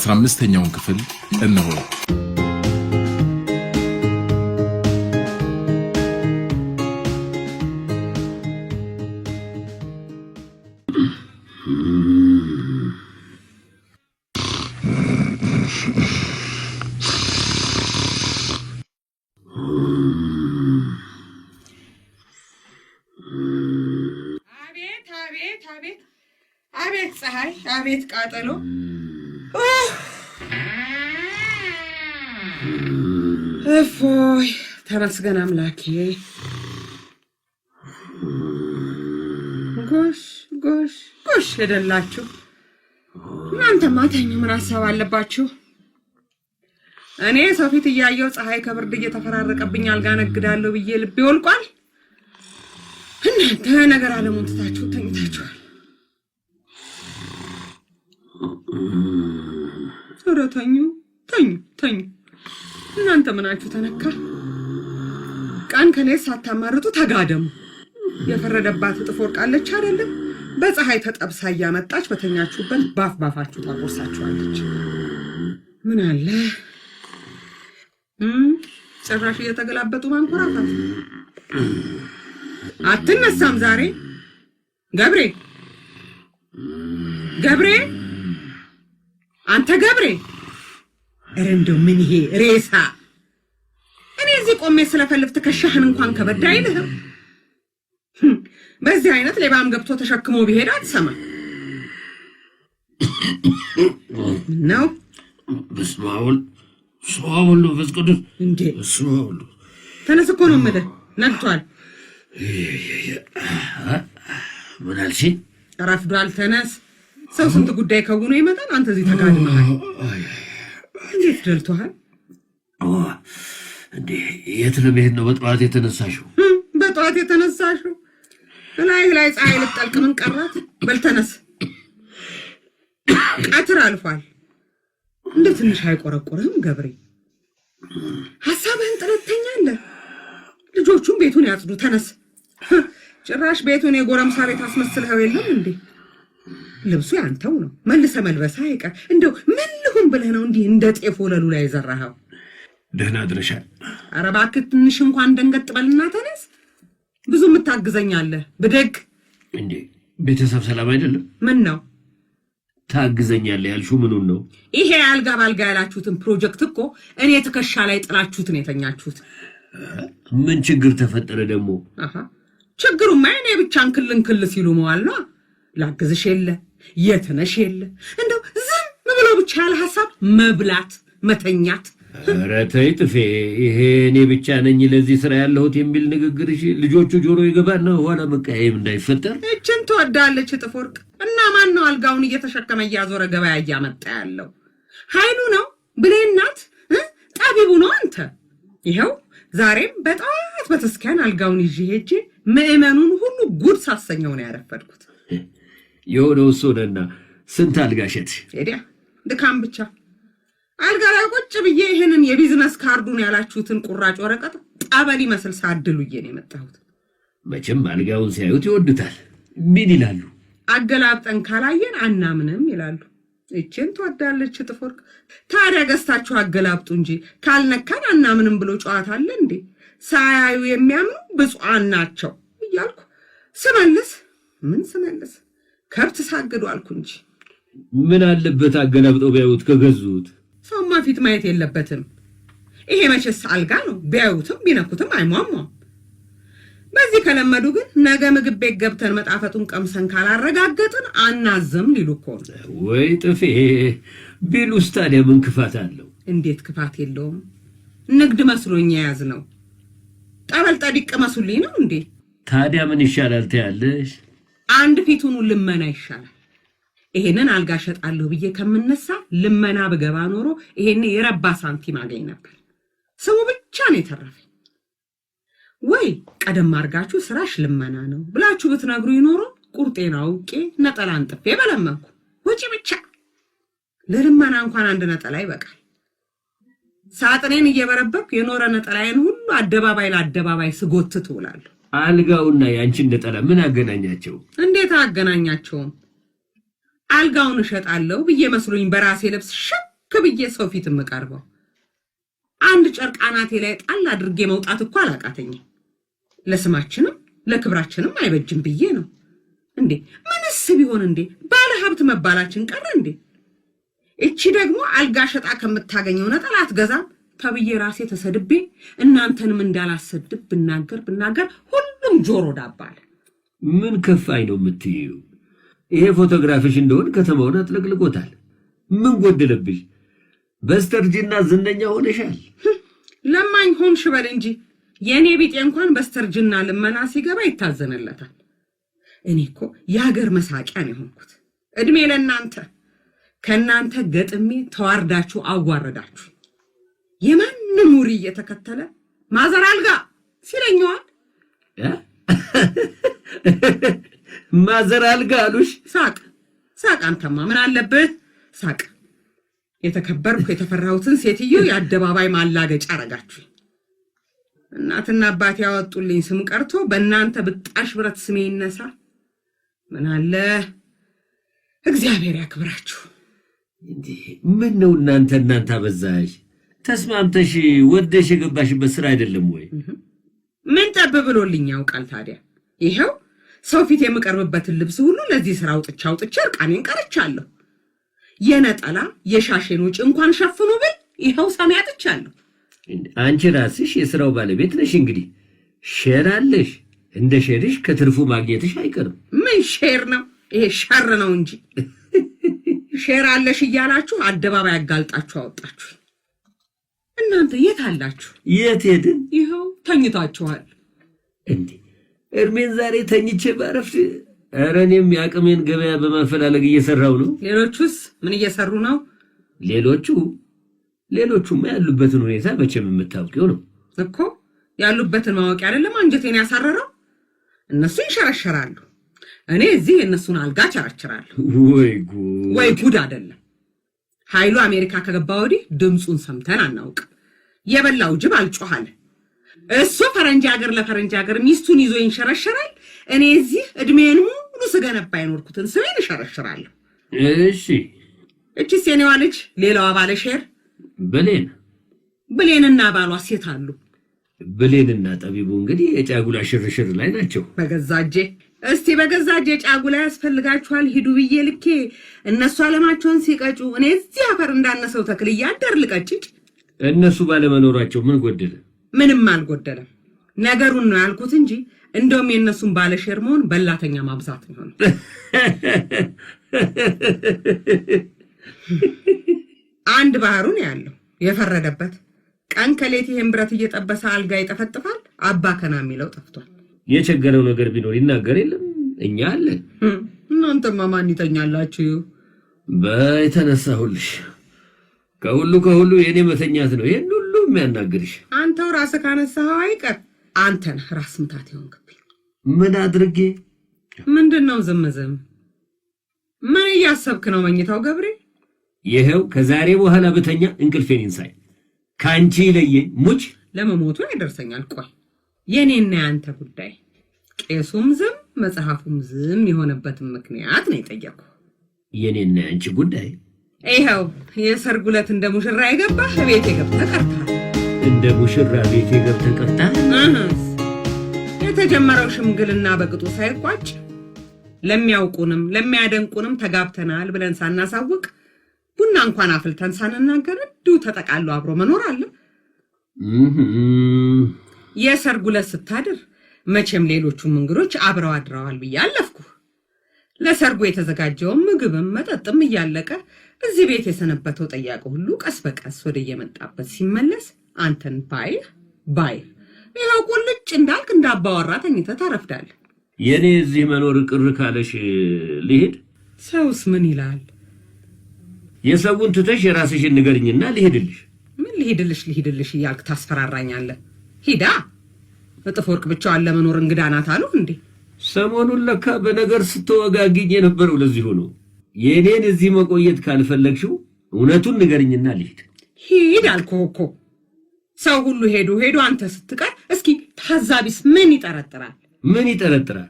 አስራ አምስተኛውን ክፍል እነሆ። እፎይ ተመስገን አምላኬ። ጎሽ ጎሽ ጎሽ ሄደላችሁ። እናንተ ማተኙ ምን ሀሳብ አለባችሁ? እኔ ሰው ፊት እያየው ፀሐይ ከብርድ እየተፈራረቀብኝ አልጋ ነግዳለሁ ብዬ ልቤ ወልቋል። እናንተ ነገር አለሙን ትታችሁ ተኝታችኋል። ኧረ ተኙ ተኙ ተኙ። እናንተ ምናችሁ ተነካ? ቀን ከሌት ሳታማርጡ ተጋደሙ። የፈረደባት እጥፍ ቃለች አይደለም? በፀሐይ ተጠብሳ እያመጣች በተኛችሁበት ባፍ ባፋችሁ ታቆርሳችኋለች። ምን አለ ጭራሽ እየተገላበጡ ማንኮራፋት። አትነሳም ዛሬ ገብሬ? ገብሬ አንተ ገብሬ ኧረ እንደው ምን ይሄ ሬሳ! እኔ እዚህ ቆሜ ስለፈልፍ ትከሻህን እንኳን ከበድ አይልህም። hm፣ በዚህ አይነት ሌባም ገብቶ ተሸክሞ ቢሄድ አትሰማ ነው። በስመ አብ ወልድ በስመ አብ ወልድ መንፈስ ቅዱስ እንዴ! በስመ አብ ወልድ ተነስ እኮ ነው የምልህ። ነግቷል። ምን አልሽኝ? ረፍዷል። ተነስ። ሰው ስንት ጉዳይ ከውኖ ይመጣል። አንተ እዚህ ተጋድመሃል። እንዴት ደልቶሃል? እንዴ የት ለመሄድ ነው በጠዋት የተነሳሽው? በጠዋት የተነሳሽው ላይ ላይ ፀሐይ ልትጠልቅ ምን ቀራት? በልተነስ ቀትር አልፏል። እንደ ትንሽ አይቆረቆርህም ገብሬ? ሀሳብህን ጥረት ልጆቹም ቤቱን ያጽዱ፣ ተነስ። ጭራሽ ቤቱን የጎረምሳ ቤት አስመስልኸው የለም እንዴ? ልብሱ ያንተው ነው፣ መልሰ መልበሳ አይቀር እንደው ምን ምን ብለህ ነው እንዲህ እንደ ጤፍ ወለሉ ላይ የዘራኸው? ደህና ድረሻል። ኧረ እባክህ ትንሽ እንኳን ደንገጥ በልና ተነስ። ብዙ የምታግዘኛለህ ብደግ። እንዴ ቤተሰብ ሰላም አይደለም? ምን ነው ታግዘኛለህ ያልሽው ምኑን ነው? ይሄ አልጋ ባልጋ ያላችሁትን ፕሮጀክት እኮ እኔ ትከሻ ላይ ጥላችሁትን የተኛችሁት። ምን ችግር ተፈጠረ ደግሞ? ችግሩማ እኔ ብቻ እንክል እንክል ሲሉ መዋል ነው። ላግዝሽ የለ የትነሽ የለ ሰዎች ሀሳብ መብላት፣ መተኛት። ኧረ ተይ ጥፌ፣ ይሄ እኔ ብቻ ነኝ ለዚህ ስራ ያለሁት የሚል ንግግርሽ ልጆቹ ጆሮ ይገባና ኋላ መቀያየም እንዳይፈጠር። እችን ትወዳለች እጥፍ እና ማን ነው አልጋውን እየተሸከመ እያዞረ ገበያ እያመጣ ያለው? ኃይሉ ነው ብሌናት፣ ናት ጠቢቡ ነው አንተ። ይኸው ዛሬም በጠዋት በተስኪያን አልጋውን ይዤ ሄጄ ምዕመኑን ሁሉ ጉድ ሳሰኘው ነው ያረፈድኩት። የሆነው እሱ ነና ስንት አልጋሸት ድካም ብቻ። አልጋ ላይ ቁጭ ብዬ ይህንን የቢዝነስ ካርዱን ያላችሁትን ቁራጭ ወረቀት ጠበል ይመስል ሳድሉ ነው የመጣሁት። መቼም አልጋውን ሲያዩት ይወዱታል። ምን ይላሉ? አገላብጠን ካላየን አናምንም ይላሉ። እችን ትወዳለች እጥፍ ታዲያ ገዝታችሁ አገላብጡ እንጂ ካልነካን አናምንም ብሎ ጨዋታ አለ እንዴ? ሳያዩ የሚያምኑ ብፁዓን ናቸው እያልኩ ስመልስ ምን ስመልስ ከብት ሳግዱ አልኩ እንጂ ምን አለበት አገላብጠው ቢያዩት ከገዙት። ሰውማ ፊት ማየት የለበትም። ይሄ መቼስ አልጋ ነው፣ ቢያዩትም ቢነኩትም አይሟሟ። በዚህ ከለመዱ ግን ነገ ምግብ ቤት ገብተን መጣፈጡን ቀምሰን ካላረጋገጥን አናዝም ሊሉ እኮ ነው። ወይ ጥፌ ቢሉስ ታዲያ ምን ክፋት አለው? እንዴት ክፋት የለውም። ንግድ መስሎኝ የያዝ ነው። ጠበል ጠዲቅ መሱልኝ ነው እንዴ? ታዲያ ምን ይሻላል ትያለሽ? አንድ ፊቱኑ ልመና ይሻላል። ይሄንን አልጋ እሸጣለሁ ብዬ ከምነሳ ልመና ብገባ ኖሮ ይሄን የረባ ሳንቲም አገኝ ነበር። ስሙ ብቻ ነው የተረፈኝ። ወይ ቀደም አድርጋችሁ ስራሽ ልመና ነው ብላችሁ ብትነግሩ ይኖሮ ቁርጤን አውቄ ነጠላ አንጥፌ በለመንኩ። ወጪ ብቻ ለልመና እንኳን አንድ ነጠላ ይበቃል። ሳጥኔን እየበረበኩ የኖረ ነጠላዬን ሁሉ አደባባይ ለአደባባይ ስጎትት ውላለሁ። አልጋውና ያንቺን ነጠላ ምን አገናኛቸው? እንዴት አገናኛቸውም አልጋውን እሸጣለሁ ብዬ መስሎኝ በራሴ ልብስ ሽክ ብዬ ሰው ፊት የምቀርበው አንድ ጨርቅ አናቴ ላይ ጣል አድርጌ መውጣት እኮ አላቃተኝም። ለስማችንም ለክብራችንም አይበጅም ብዬ ነው እንዴ። ምንስ ቢሆን እንዴ ባለ ሀብት መባላችን ቀረ እንዴ? እቺ ደግሞ አልጋ ሸጣ ከምታገኘው ነጠላ አትገዛም ተብዬ ራሴ ተሰድቤ እናንተንም እንዳላሰድብ ብናገር ብናገር ሁሉም ጆሮ ዳባል። ምን ከፋኝ ነው የምትይው? ይሄ ፎቶግራፊሽ እንደሆን ከተማውን አጥለቅልቆታል። ምን ጎደለብሽ? በስተርጅና ዝነኛ ሆነሻል። ለማኝ ሆንሽ በል እንጂ የእኔ ቢጤ እንኳን በስተርጅና ልመና ሲገባ ይታዘንለታል። እኔ እኮ የሀገር መሳቂያ ነው የሆንኩት። እድሜ ለእናንተ ከእናንተ ገጥሜ ተዋርዳችሁ አዋረዳችሁ። የማንም ውሪ እየተከተለ ማዘር አልጋ ሲለኛዋል። ማዘር አልጋ አሉሽ። ሳቅ ሳቅ፣ አንተማ ምን አለብህ ሳቅ። የተከበርኩ የተፈራሁትን ሴትዮ የአደባባይ ማላገጫ አረጋችሁ። እናትና አባት ያወጡልኝ ስም ቀርቶ በእናንተ ብጣሽ ብረት ስሜ ይነሳ። ምን አለ እግዚአብሔር ያክብራችሁ። ምን ነው እናንተ እናንተ አበዛሽ። ተስማምተሽ ወደሽ የገባሽበት ስራ አይደለም ወይ? ምን ጠብ ብሎልኝ ያውቃል ታዲያ ይኸው ሰው ፊት የምቀርብበትን ልብስ ሁሉ ለዚህ ስራ አውጥቼ አውጥቼ እርቃኔን ቀርቻለሁ። የነጠላ የሻሽን ውጭ እንኳን ሸፍኑ ብል ይኸው ሰማይ አጥቻለሁ። አንቺ ራስሽ የስራው ባለቤት ነሽ። እንግዲህ ሼር አለሽ። እንደ ሼርሽ ከትርፉ ማግኘትሽ አይቀርም። ምን ሼር ነው ይሄ? ሸር ነው እንጂ ሼር አለሽ እያላችሁ አደባባይ አጋልጣችሁ አወጣችሁ። እናንተ የት አላችሁ? የት ሄድን? ይኸው ተኝታችኋል እንዴ እድሜን ዛሬ ተኝቼ ባረፍት። ኧረ እኔም የአቅሜን ገበያ በማፈላለግ እየሰራው ነው። ሌሎቹስ ምን እየሰሩ ነው? ሌሎቹ ሌሎቹማ ያሉበትን ሁኔታ መቼም የምታውቂው ነው እኮ። ያሉበትን ማወቂ አይደለም አንጀቴን ያሳረረው። እነሱ ይሸረሸራሉ፣ እኔ እዚህ የእነሱን አልጋ ቸረችራለሁ። ወይ ጉድ ወይ ጉድ! አይደለም ኃይሉ አሜሪካ ከገባ ወዲህ ድምፁን ሰምተን አናውቅም። የበላው ጅብ አልጮኋለን እሱ ፈረንጅ ሀገር ለፈረንጅ ሀገር ሚስቱን ይዞ ይንሸረሸራል። እኔ እዚህ እድሜን ሙሉ ስገነባ አይኖርኩትን ስሜን እሸረሽራለሁ። እሺ እቺ ሴኔዋ ልጅ ሌላዋ ባለ ሼር ብሌን ብሌንና ባሏ ሴት አሉ። ብሌንና ጠቢቡ እንግዲህ የጫጉላ ሽርሽር ላይ ናቸው። በገዛጄ እስቲ በገዛጄ ጫጉላ ያስፈልጋችኋል ሂዱ ብዬ ልኬ እነሱ አለማቸውን ሲቀጩ እኔ እዚህ አፈር እንዳነሰው ተክል እያደር ልቀጭጭ። እነሱ ባለመኖራቸው ምን ጎደለ? ምንም አልጎደለም። ነገሩን ነው ያልኩት እንጂ እንደውም የእነሱን ባለሼር መሆን በላተኛ ማብዛት ነው። አንድ ባህሩን ያለው የፈረደበት ቀን ከሌት ይህን ብረት እየጠበሰ አልጋ ይጠፈጥፋል። አባ ከና የሚለው ጠፍቷል። የቸገረው ነገር ቢኖር ይናገር የለም እኛ አለ። እናንተማ ማን ይተኛላችሁ? በይ ተነሳሁልሽ። ከሁሉ ከሁሉ የእኔ መተኛት ነው ይህን የሚያናግርሽ? አንተው ራስ ካነሳኸው አይቀር አንተን ራስ ምታት የሆንክብኝ። ምን አድርጌ? ምንድን ነው ዝምዝም? ምን እያሰብክ ነው? መኝታው ገብሬ፣ ይኸው ከዛሬ በኋላ ብተኛ እንቅልፌን ይንሳይ፣ ከአንቺ ይለየኝ። ሙች ለመሞቱ ያደርሰኛል። ቆይ የኔና የአንተ ጉዳይ ቄሱም ዝም መጽሐፉም ዝም የሆነበትን ምክንያት ነው የጠየቅኩ። የኔና የአንቺ ጉዳይ ይኸው የሰርጉ ዕለት እንደ ሙሽራ የገባህ ቤት የገብተህ ቀርተሃል። እንደ ሙሽራ ቤቴ ገብተህ ቀርታ የተጀመረው ሽምግልና በቅጡ ሳይቋጭ ለሚያውቁንም ለሚያደንቁንም ተጋብተናል ብለን ሳናሳውቅ ቡና እንኳን አፍልተን ሳንናገር እንዲሁ ተጠቃሎ አብሮ መኖር አለ። የሰርጉ ዕለት ስታድር መቼም ሌሎቹም እንግዶች አብረው አድረዋል ብዬ አለፍኩ። ለሰርጉ የተዘጋጀውን ምግብም መጠጥም እያለቀ እዚህ ቤት የሰነበተው ጠያቂ ሁሉ ቀስ በቀስ ወደ የመጣበት ሲመለስ አንተን ባይ ባይ ይኸው ቁልጭ እንዳልክ እንዳባወራ ተኝተ ታረፍዳለህ። የእኔ እዚህ መኖር ቅር ካለሽ ልሄድ። ሰውስ ምን ይላል? የሰውን ትተሽ የራስሽን ንገርኝና ልሄድልሽ። ምን ልሄድልሽ ልሄድልሽ እያልክ ታስፈራራኛለህ? ሂዳ እጥፍ ወርቅ ብቻዋን ለመኖር እንግዳ ናት አሉ እንዴ? ሰሞኑን ለካ በነገር ስትወጋግኝ የነበረው ለዚህ ሆኖ የእኔን እዚህ መቆየት ካልፈለግሽው እውነቱን ንገርኝና ልሂድ። ሂድ እኮ ሰው ሁሉ ሄዶ ሄዶ አንተ ስትቀር፣ እስኪ ታዛቢስ ምን ይጠረጥራል? ምን ይጠረጥራል?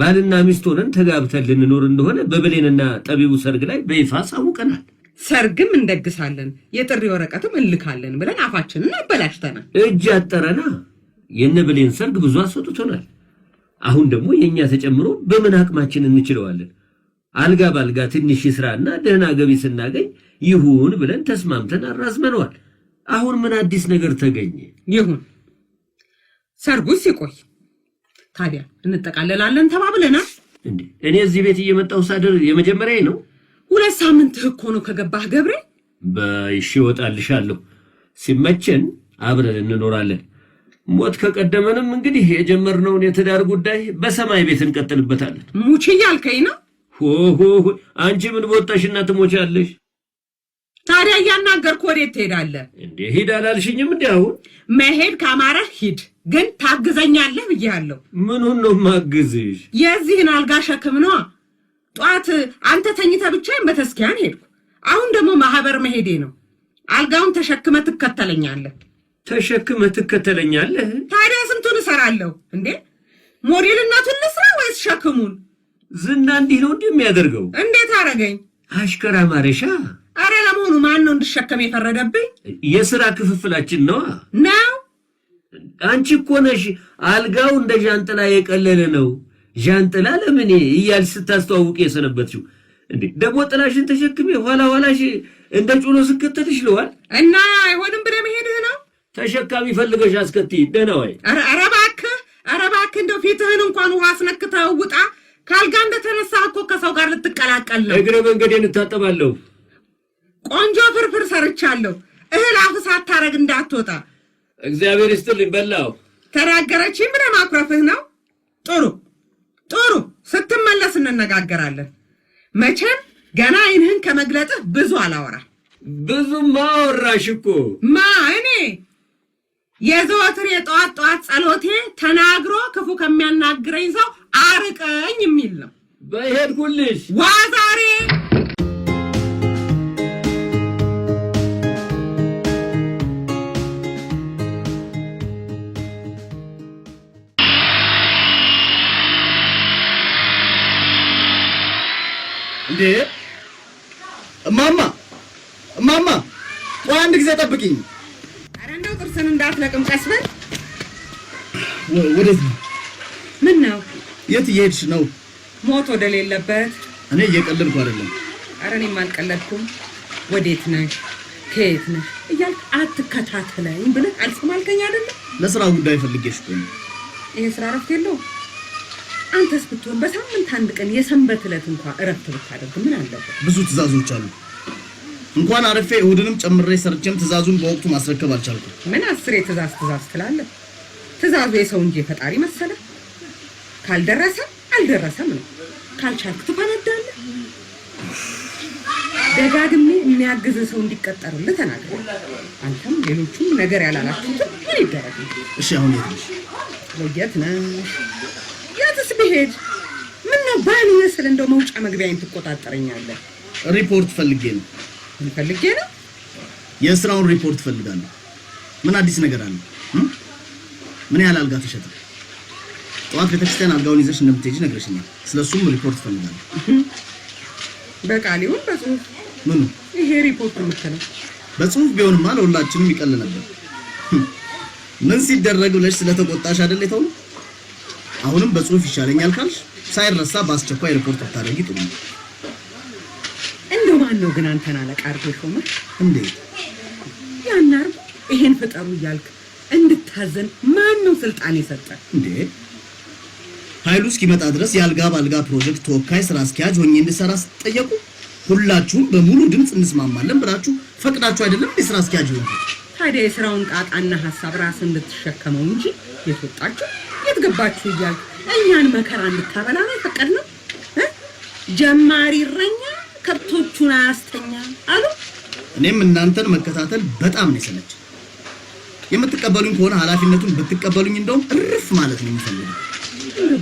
ባልና ሚስት ሆነን ተጋብተን ልንኖር እንደሆነ በብሌንና ጠቢቡ ሰርግ ላይ በይፋ ሳውቀናል። ሰርግም እንደግሳለን፣ የጥሪ ወረቀትም እንልካለን ብለን አፋችንን አበላሽተናል። እጅ አጠረና የነ ብሌን ሰርግ ብዙ አስወጥቶናል። አሁን ደግሞ የእኛ ተጨምሮ በምን አቅማችን እንችለዋለን? አልጋ ባልጋ ትንሽ ስራና ደህና ገቢ ስናገኝ ይሁን ብለን ተስማምተን አራዝመነዋል። አሁን ምን አዲስ ነገር ተገኘ? ይሁን ሰርጉ ሲቆይ ታዲያ እንጠቃለላለን ተባብለና እኔ እዚህ ቤት እየመጣሁ ሳድር የመጀመሪያ ነው። ሁለት ሳምንት እኮ ነው ከገባህ ገብሬ። በይሽ እወጣልሻለሁ። ሲመቸን አብረን እንኖራለን። ሞት ከቀደመንም እንግዲህ የጀመርነውን የትዳር ጉዳይ በሰማይ ቤት እንቀጥልበታለን። ሙች እያልከኝ ነው? ሆሆ አንቺ ምን በወጣሽና ትሞቻለሽ? ታዲያ እያናገርኩ ወዴት ትሄዳለህ እንዴ? ሂድ አላልሽኝም? እንዲ አሁን መሄድ ከአማራ ሂድ፣ ግን ታግዘኛለህ ብያለሁ። ምኑን ነው ማግዝሽ? የዚህን አልጋ ሸክም ነዋ። ጠዋት አንተ ተኝተ ብቻዬን በተስኪያን ሄድኩ። አሁን ደግሞ ማህበር መሄዴ ነው። አልጋውን ተሸክመ ትከተለኛለህ። ተሸክመ ትከተለኛለህ? ታዲያ ስንቱን እሰራለሁ እንዴ? ሞዴልነቱን ልስራ ወይስ ሸክሙን? ዝና እንዲህ ነው እንዲህ የሚያደርገው። እንዴት አረገኝ? አሽከራ ማረሻ በሙሉ ማን ነው እንድሸከም የፈረደብኝ? የስራ ክፍፍላችን ነው ነው። አንቺ እኮ ነሽ አልጋው እንደ ዣንጥላ የቀለለ ነው ዣንጥላ ለምን እያልሽ ስታስተዋውቅ የሰነበትሽው እንዴ? ደግሞ ጥላሽን ተሸክሜ ኋላ ኋላሽ እንደ ጩሎ ስከተልሽ ለዋል እና አይሆንም ብለህ መሄድህ ነው። ተሸካሚ ፈልገሽ አስከትይ። ደህና ወይ? ኧረ እባክህ፣ ኧረ እባክህ እንደው ፊትህን እንኳን ውሃ አስነክተህ ውጣ። ካልጋ እንደተነሳ እኮ ከሰው ጋር ልትቀላቀል ነው። እግረ መንገዴን እታጠባለሁ። ቆንጆ ፍርፍር ሰርቻለሁ። እህል አፍ ሳታረግ እንዳትወጣ። እግዚአብሔር ይስጥልኝ። በላው ተናገረች። ምን ማኩረፍህ ነው። ጥሩ ጥሩ፣ ስትመለስ እንነጋገራለን። መቼም ገና አይንህን ከመግለጥህ ብዙ አላወራ። ብዙ ማወራሽ እኮ ማ እኔ የዘወትር የጠዋት ጠዋት ጸሎቴ ተናግሮ ክፉ ከሚያናግረኝ ሰው አርቀኝ የሚል ነው። በይሄድ ኩልሽ ዋ ዛሬ እንዴ እማማ እማማ፣ ቆይ አንድ ጊዜ ጠብቂኝ። ኧረ እንደው ጥርስን እንዳትለቅም ቀስ በል። ወዴት ነው? ምን ነው? የት እየሄድሽ ነው? ሞት ወደሌለበት። እኔ እየቀለድኩ አይደለም። ኧረ እኔም አልቀለድኩም። ወዴት ነሽ? ከየት ነሽ እያልክ አትከታተለኝ ብለህ አልሰማልከኝ አይደለም። ለስራ ጉዳይ ፈልጌሽ እኮ ይሄ ስራ እረፍት የለውም አንተስ ብትሆን በሳምንት አንድ ቀን የሰንበት ዕለት እንኳን እረፍት ብታደርግ ምን አለበት? ብዙ ትእዛዞች አሉ። እንኳን አረፌ እሁድንም ጨምሬ ሰርቼም ትእዛዙን በወቅቱ ማስረከብ አልቻልኩም። ምን አስሬ ትእዛዝ ትእዛዝ ትላለህ? ትእዛዙ የሰው እንጂ የፈጣሪ መሰለ። ካልደረሰ አልደረሰም ነው። ካልቻልክ ትፈነዳለህ። ደጋግሜ የሚያግዝ ሰው እንዲቀጠርልህ ተናገር። አንተም ሌሎቹም ነገር ያላላችሁትን ምን ይደረግ? እሺ አሁን የት ነሽ? ወየት ነሽ? እኔስ ብሄድ ምን ባል ይመስል እንደው መውጫ መግቢያዬን ትቆጣጠረኛለህ። ሪፖርት ፈልጌ ነው። ምን ፈልጌ ነው? የስራውን ሪፖርት ፈልጋለሁ። ምን አዲስ ነገር አለ? ምን ያህል አልጋ ተሸጠ? ጠዋት ቤተክርስቲያን አልጋውን ይዘሽ እንደምትሄጂ ነግረሽኛል። ስለሱም ሪፖርት ፈልጋለሁ። በቃል ይሁን በጽሁፍ ምኑ ይሄ ሪፖርት የምትለው? በጽሁፍ ቢሆንማ ለሁላችንም ይቀል ነበር። ምን ሲደረግ ብለሽ ስለተቆጣሽ አይደል የተውነው አሁንም በጽሁፍ ይሻለኛል ካልሽ ሳይረሳ በአስቸኳይ ሪፖርት አታደርጊ ጥሩ ነው። እንደው ማን ነው ግን አንተን አለቃ አድርጎ የሾመህ? እንዴት ያን ይሄን ፍጠሩ እያልክ እንድታዘን ማን ነው ስልጣን የሰጠ? እንዴ ኃይሉ እስኪመጣ ድረስ የአልጋ በአልጋ ፕሮጀክት ተወካይ ስራ አስኪያጅ ሆኜ እንድሰራ ስትጠየቁ ሁላችሁም በሙሉ ድምፅ እንስማማለን ብላችሁ ፈቅዳችሁ አይደለም የስራ አስኪያጅ ሆኜ ታዲያ የስራውን ጣጣና ሀሳብ ራስ እንድትሸከመው እንጂ የተወጣችሁ የት ገባችሁ እያልኩ እኛን መከራ እንድታበላ ነው የፈቀድነው። ጀማሪ እረኛ ከብቶቹን አያስተኛ አሉ። እኔም እናንተን መከታተል በጣም ነው የሰለች። የምትቀበሉኝ ከሆነ ኃላፊነቱን ብትቀበሉኝ እንደውም እርፍ ማለት ነው የሚፈልገው።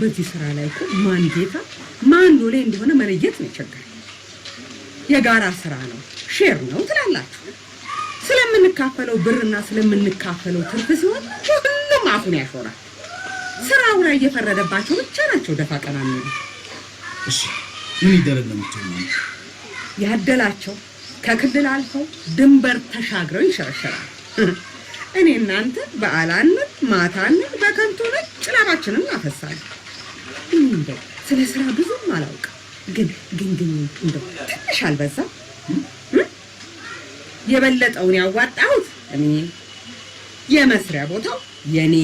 በዚህ ስራ ላይ እኮ ማን ጌታ ማን ሎሌ እንደሆነ መለየት ነው ይቸግራል። የጋራ ስራ ነው፣ ሼር ነው ትላላችሁ። ስለምንካፈለው ብርና ስለምንካፈለው ትርፍ ሲሆን ሁሉም አፉን ያሾራል። ስራው ላይ እየፈረደባቸው ብቻ ናቸው ደፋ ቀና የሚሉ። እሺ ምን ይደረግ ነው ያደላቸው? ከክልል አልፈው ድንበር ተሻግረው ይሸረሸራል። እኔ እናንተ በዓላነት ማታነት በከንቱ ነጭ ላባችንን አፈሳለን። እንደው ስለ ስራ ብዙም አላውቅም፣ ግን ግን ግን እንደው ትንሽ አልበዛ የበለጠውን ያዋጣሁት እኔ የመስሪያ ቦታው የኔ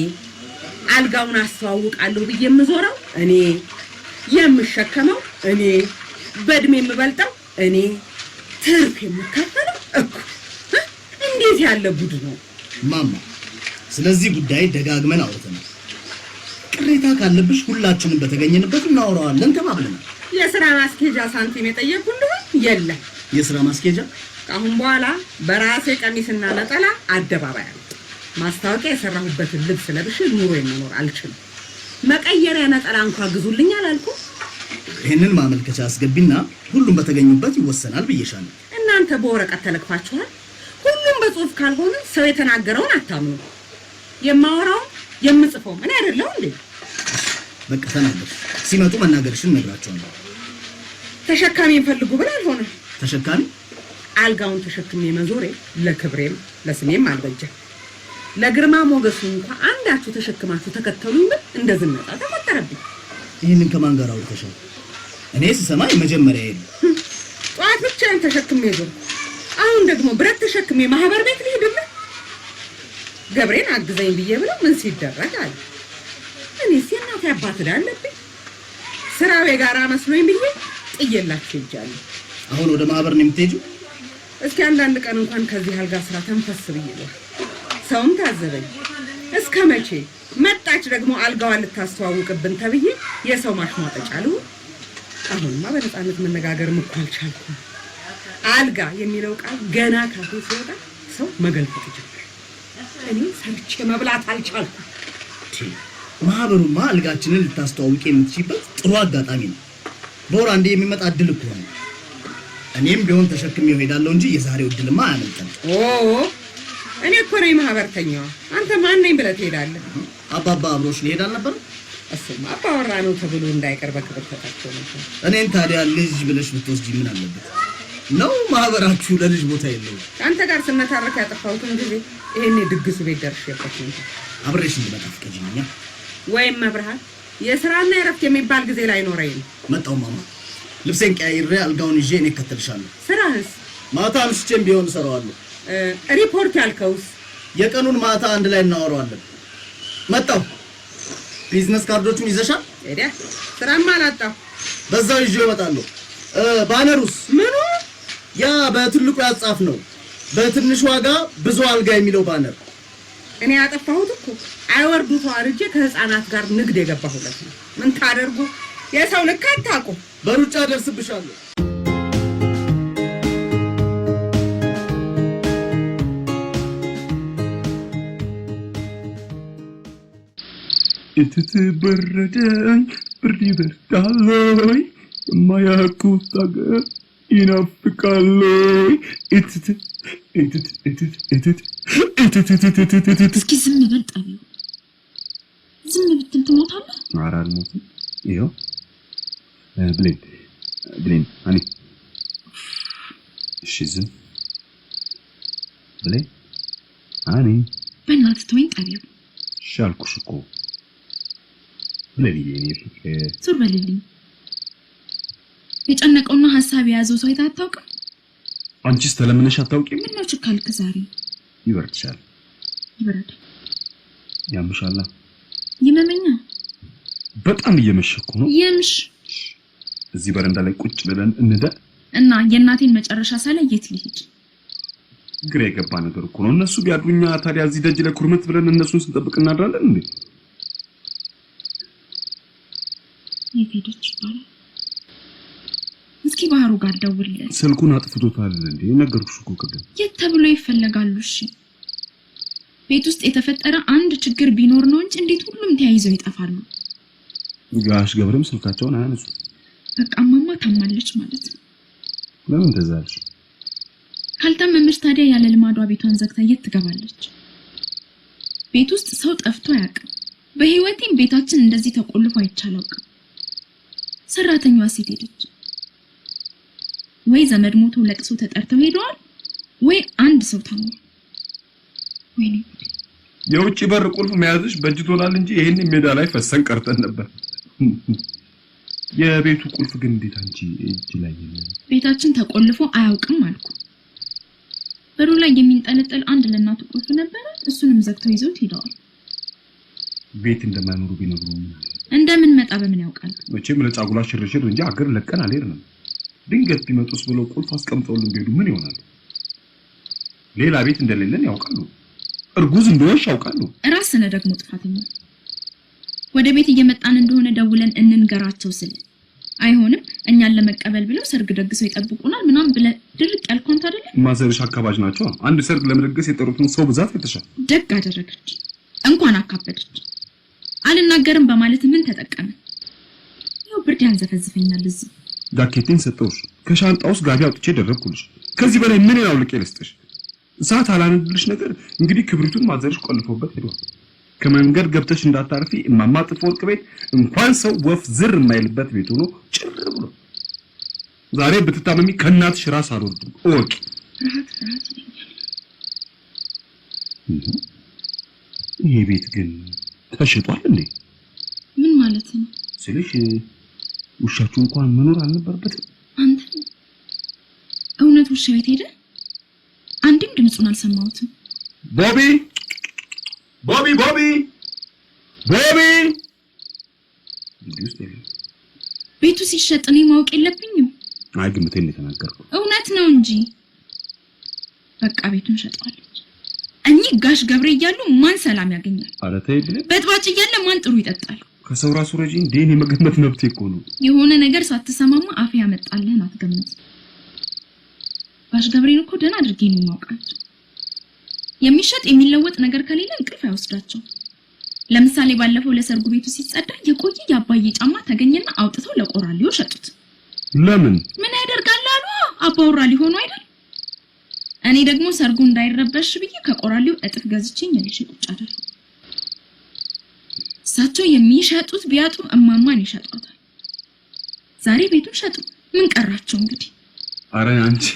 አልጋውን አስተዋውቃለሁ ብዬ የምዞረው እኔ፣ የምሸከመው እኔ፣ በእድሜ የምበልጠው እኔ፣ ትርፍ የምከፈለው እኮ። እንዴት ያለ ጉድ ነው ማማ! ስለዚህ ጉዳይ ደጋግመን አውርተናል። ቅሬታ ካለብሽ ሁላችንም በተገኘንበት እናወራዋለን ተባብለናል። የስራ ማስኬጃ ሳንቲም የጠየቁ እንደሆን የለም። የስራ ማስኬጃ ከአሁን በኋላ በራሴ ቀሚስና ነጠላ አደባባይ አለ ማስታወቂያ የሰራሁበትን ልብስ ለብሼ ኑሮ መኖር አልችልም። መቀየሪያ ነጠላ እንኳ ግዙልኝ አላልኩ? ይህንን ማመልከቻ አስገቢና ሁሉም በተገኙበት ይወሰናል ብዬሻለሁ። እናንተ በወረቀት ተለክፋችኋል። ሁሉም በጽሁፍ ካልሆነ ሰው የተናገረውን አታምኑ። የማወራውም የምጽፈው ምን አይደለው እንዴ? በቃ ተናገር። ሲመጡ መናገርሽን እነግራቸዋለሁ። ተሸካሚ እንፈልጉ ብል አልሆነ ተሸካሚ አልጋውን ተሸክሜ መዞሬ ለክብሬም ለስሜም አልበጀም። ለግርማ ሞገሱ እንኳን አንዳችሁ ተሸክማችሁ ተከተሉኝ ብል እንደ ዝነጣ ተቆጠረብኝ። ይህንን ከማን ጋር አውርተሻል? እኔ ስሰማ የመጀመሪያ የለ ጠዋት ብቻዬን ተሸክሜ ዞር፣ አሁን ደግሞ ብረት ተሸክሜ ማህበር ቤት ልሄድልህ። ገብሬን አግዘኝ ብዬ ብለው ምን ሲደረግ አለ። እኔ የእናቴ አባት ዕዳ ስራው የጋራ መስሎኝ ብዬ ጥዬላችሁ ሄጃለሁ። አሁን ወደ ማህበር ነው የምትሄጂው? እስኪ አንዳንድ ቀን እንኳን ከዚህ አልጋ ስራ ተንፈስ ብዬ ነው ሰውም ታዘበኝ። እስከ መቼ መጣች ደግሞ አልጋዋን ልታስተዋውቅብን ተብዬ የሰው ማሽሟጠጫ ልሁን? አሁንማ በነፃነት መነጋገርም እኮ አልቻልኩም። አልጋ የሚለው ቃል ገና ካፌ ሲወጣ ሰው መገልፈጥ ጀመረ። እኔ ሰርቼ መብላት አልቻልኩም። ማህበሩማ አልጋችንን ልታስተዋውቅ የምትችበት ጥሩ አጋጣሚ ነው። በወር አንዴ የሚመጣ እድል እኮ ነው። እኔም ቢሆን ተሸክሜው እሄዳለሁ እንጂ የዛሬው እድልማ አያመልጠን። እኔ እኮ ነኝ ማህበርተኛዋ። አንተ ማን ነኝ ብለህ ትሄዳለህ? አባባ አብሮሽ ሊሄድ አልነበረ? እሱም አባወራ ነው ተብሎ እንዳይቀር በክብር ተጠርቶ ነበር። እኔን ታዲያ ልጅ ብለሽ ብትወስጂ ምን አለበት? ነው ማህበራችሁ ለልጅ ቦታ የለው። ከአንተ ጋር ስመታረክ ያጠፋሁትን ጊዜ ይሄኔ ድግሱ ቤት ደርሼበት ነው። አብሬሽ እንድመጣ ፍቀጂኛ። ወይም መብርሃን የስራና የረፍት የሚባል ጊዜ ላይ ኖረኝ ነው። መጣሁ ማማ። ልብሴን ቀያይሬ አልጋውን ይዤ እኔ እከተልሻለሁ። ስራህስ? ማታ አምሽቼም ቢሆን እሰራዋለሁ። ሪፖርት ያልከውስ የቀኑን ማታ አንድ ላይ እናወራዋለን። መጣሁ። ቢዝነስ ካርዶቹን ይዘሻል? እዴ ስራማ አላጣሁ። በዛው ይዤ እመጣለሁ። ባነሩስ? ምኑ? ያ በትልቁ ያጻፍ ነው። በትንሽ ዋጋ ብዙ አልጋ የሚለው ባነር እኔ ያጠፋሁት እኮ አይወርዱ ተዋርጄ ከህፃናት ጋር ንግድ የገባሁለት ነው። ምን ታደርጉ፣ የሰው ልክ አታውቁ። በሩጫ ደርስብሻለሁ። Ititiberden Ribertaloy Maya kutaga Inafrikaloy Itit Itit Itit Itit Itit Itit Itit Itit እስኪ ዝም በል ጣቢው ዝም ብትል ትሞታለህ ኧረ አልሞትም ይኸው ብሌን ብሌን አኒ እሺ ዝም ብሌን አኒ በእናትህ ተወኝ ጣቢው እሺ አልኩሽ እኮ ዞር በልልኝ። የጨነቀውና ሀሳብ የያዘው ሰው አይተህ አታውቅም? አንቺስ ተለምነሽ አታውቂም? ምነው ችክ አልክ ዛሬ? ይበርድሻል። ይበርድ። ያምሻላ። ይመመኛ። በጣም እየመሸ ነው። የምሽ እዚህ በረንዳ ላይ ቁጭ ብለን እንደ እና የእናቴን መጨረሻ ሳላይ የት ልሂድ? ግራ የገባ ነገር እኮ ነው። እነሱ ቢያድሩኛ ታዲያ እዚህ ደጅ ላይ ብለን እነሱን ስንጠብቅ እናድራለን እንዴ? ሄደች ይባላል። እስኪ ባህሩ ጋር ደውልልን። ስልኩን አጥፍቶታል እንዴ? ነገርኩሽ እኮ ቅድም። የት ተብሎ ይፈለጋሉ? እሺ ቤት ውስጥ የተፈጠረ አንድ ችግር ቢኖር ነው እንጂ እንዴት ሁሉም ተያይዘው ይጠፋሉ? ጋሽ ገብረም ስልካቸውን አያነሱ። በቃ እማማ ታማለች ማለት ነው። ለምን ተዛለች? ካልታመመች ታዲያ ያለ ልማዷ ቤቷን ዘግታ የት ትገባለች? ቤት ውስጥ ሰው ጠፍቶ አያውቅም። በህይወቴም ቤታችን እንደዚህ ተቆልፎ አይቻል ሰራተኛዋ ሴት ሄደች። ወይ ዘመድ ሞቶ ለቅሶ ተጠርተው ሄደዋል፣ ወይ አንድ ሰው ታሞ። የውጭ በር ቁልፍ መያዝሽ በጅቶናል እንጂ ይሄን ሜዳ ላይ ፈሰን ቀርተን ነበር። የቤቱ ቁልፍ ግን እንዴት አንቺ እጅ ላይ የለም? ቤታችን ተቆልፎ አያውቅም አልኩ። በሩ ላይ የሚንጠለጠል አንድ ለእናቱ ቁልፍ ነበረ። እሱንም ዘግተው ይዘውት ሄደዋል። ቤት እንደማይኖሩ ቢነግሩ ምን አለ እንደምንመጣ በምን ያውቃል? መቼም ለጫጉላ ሽርሽር እንጂ አገር ለቀን አልሄድንም። ድንገት ቢመጡስ ብለው ቁልፍ አስቀምጠውልን ቢሄዱ ምን ይሆናል? ሌላ ቤት እንደሌለን ያውቃሉ። እርጉዝ እንደሆነሽ ያውቃሉ። እራስ ስለ ደግሞ ጥፋተኛ ወደ ቤት እየመጣን እንደሆነ ደውለን እንንገራቸው ስል አይሆንም እኛን ለመቀበል ብለው ሰርግ ደግሰው ይጠብቁናል ምናምን ብለህ ድርቅ ያልኳንት አይደለ? ማዘርሽ አካባጅ ናቸው። አንድ ሰርግ ለመደገስ የጠሩትን ሰው ብዛት ፈትሻል። ደግ አደረገች፣ እንኳን አካበደች። አልናገርም በማለት ምን ተጠቀመ? ያው ብርድ ያንዘፈዝፈኛል። እዚህ ጃኬቴን ሰጠሁሽ፣ ከሻንጣ ውስጥ ጋቢ አውጥቼ ደረብኩልሽ። ከዚህ በላይ ምን አውልቄ ልስጥሽ? እሳት አላነድልሽ ነገር እንግዲህ ክብሪቱን ማዘርሽ ቆልፎበት ሄዷል። ከመንገድ ገብተሽ እንዳታርፊ እማማ ጥፎ ወርቅ ቤት እንኳን ሰው ወፍ ዝር የማይልበት ቤት ሆኖ ጭር ብሎ ዛሬ ብትታመሚ ከእናትሽ ራስ አልወርድም እወቂ። ይሄ ቤት ግን ተሸጧል እንዴ? ምን ማለት ነው ስልሽ፣ ውሻችሁ እንኳን መኖር አልነበረበትም። አንተ እውነት ውሻ ቤት ሄደ? አንድም ድምፁን አልሰማሁትም። ቦቢ ቦቢ ቦቢ ቦቢ ቤቱ ሲሸጥ እኔ ማወቅ የለብኝም። አይ ግምቴን የተናገርኩ እውነት ነው እንጂ በቃ ቤቱን ሸጠዋለች። እኚህ ጋሽ ገብሬ እያሉ ማን ሰላም ያገኛል? ኧረ ተይ ብለን በጥባጭ እያለ ማን ጥሩ ይጠጣል? ከሰው ራሱ ረጂ እንዴ ነው መገመት መብቴ እኮ ነው። የሆነ ነገር ሳትሰማማ አፍ ያመጣልህን አትገምት። ጋሽ ገብሬን እኮ ደህና አድርጌ ነው የማውቃቸው። የሚሸጥ የሚለወጥ ነገር ከሌለ እንቅልፍ አይወስዳቸው። ለምሳሌ ባለፈው ለሰርጉ ቤቱ ሲጸዳ የቆየ የአባዬ ጫማ ተገኘና አውጥተው ለቆራሌው ሸጡት። ለምን ምን ያደርጋል አሉ አባውራ ሊሆኑ አይደል እኔ ደግሞ ሰርጉ እንዳይረበሽ ብዬ ከቆራሌው እጥፍ ገዝቼኝ ልጅ ቁጭ አደረኩ። እሳቸው የሚሸጡት ቢያጡ እማማን ይሸጧታል። ዛሬ ቤቱን ሸጡ። ምን ቀራቸው እንግዲህ? አረ አንቺ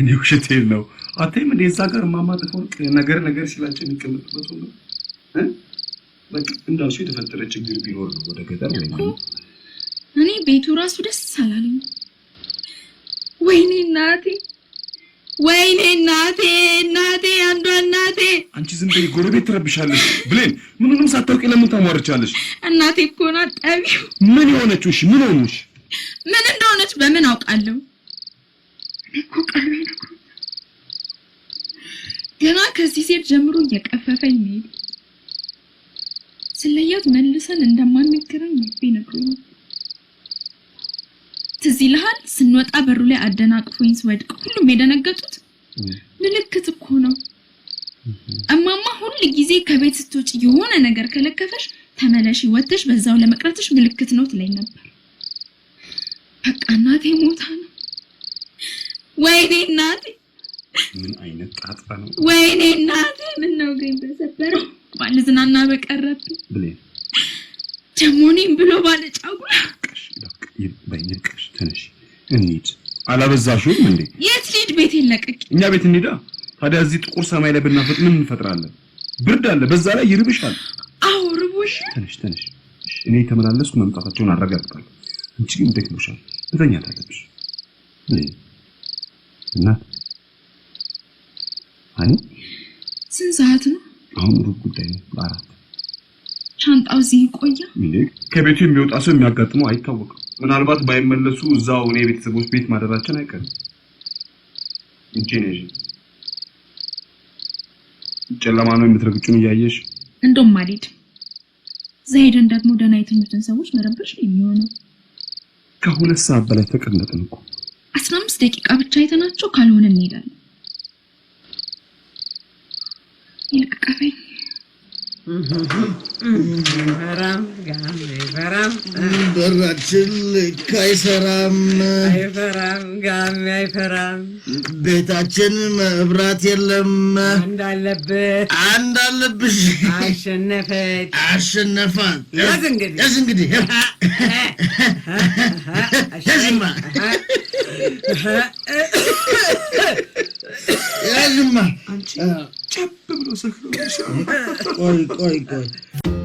እኔ ውሸቴን ነው አታይም እንዴ? እዛ ጋር እማማ ነገር ነገር ሲላቸው የሚቀመጡበት ሁሉ በቃ እንዳልሱ የተፈጠረ ችግር ቢኖር ነው ወደ ገጠር ወይ እኔ ቤቱ ራሱ ደስ አላለኝ። ወይኔ እናቴ ወይኔ እናቴ እናቴ አንዷ እናቴ፣ አንቺ ዝም በይ፣ ጎረቤት ትረብሻለሽ። ብሌን ምንንም ሳታውቂ ለምን ታሟርቻለሽ? እናቴ እኮ ናት ጠቢው። ምን የሆነችው? እሺ ምን ሆኑሽ? ምን እንደሆነች በምን አውቃለሁ? ገና ከዚህ ሴት ጀምሮ እየቀፈፈኝ መሄድ ስለያት መልሰን እንደማንገናኝ ልቤ ትዝ ይልሃል? ስንወጣ በሩ ላይ አደናቅፎኝ ስወድቅ ሁሉም የደነገጡት ምልክት እኮ ነው። እማማ ሁል ጊዜ ከቤት ስትወጪ የሆነ ነገር ከለከፈሽ ተመለሽ ወተሽ በዛው ለመቅረትሽ ምልክት ነው ትለኝ ነበር። በቃ እናቴ ሞታ ነው። ወይኔ እናቴ ምን አይነት ጣጣ ነው! ወይኔ እናቴ ምን ነው ግን በሰበረው ባልዝናና በቀረብኝ ብሎ ባለ ጫጉላ ይልቀሽ ተነሽ እንሂድ። አላበዛሽም እንዴ? የት ልሂድ? ቤት ይለቀቅ። እኛ ቤት እንሂዳ። ታዲያ እዚህ ጥቁር ሰማይ ላይ ብናፈጥ ምን እንፈጥራለን? ብርድ አለ፣ በዛ ላይ ይርብሻል። አዎ ርቦሽ። ተነሽ ተነሽ። እኔ የተመላለስኩ መምጣታቸውን አረጋግጣለሁ። አንቺ ግን ደክሞሻል፣ መተኛት አለብሽ። እናት አይ፣ ስንት ሰዓት ነው አሁን? ሩብ ጉዳይ ነው። በአራት ሻንጣው እዚህ ይቆያ። ከቤቱ የሚወጣ ሰው የሚያጋጥመው አይታወቅም። ምናልባት ባይመለሱ እዛው እኔ ቤተሰቦች ቤት ማደራችን አይቀርም። እጄ ጨለማ ነው የምትረግጩን እያየሽ። እንደውም አልሄድም። እዛ ደግሞ ደህና የተኙትን ሰዎች መረበሽ ነው የሚሆነው። ከሁለት ሰዓት በላይ ተቀመጥን እኮ። አስራ አምስት ደቂቃ ብቻ አይተናቸው ካልሆነ እንሄዳለን። ይልቅ ቀፈኝ వరం గాంధీ వరం దొరచిల్లి కైసరాం አይፈራም ጋም አይፈራም ቤታችን መብራት የለም አንድ አለበት አንድ አለብሽ አሸነፈች አሸነፋን ያዝ እንግዲህ ያዝ እንግዲህ ያዝማ ያዝማ チャップの桜でしょ。おいおいおい。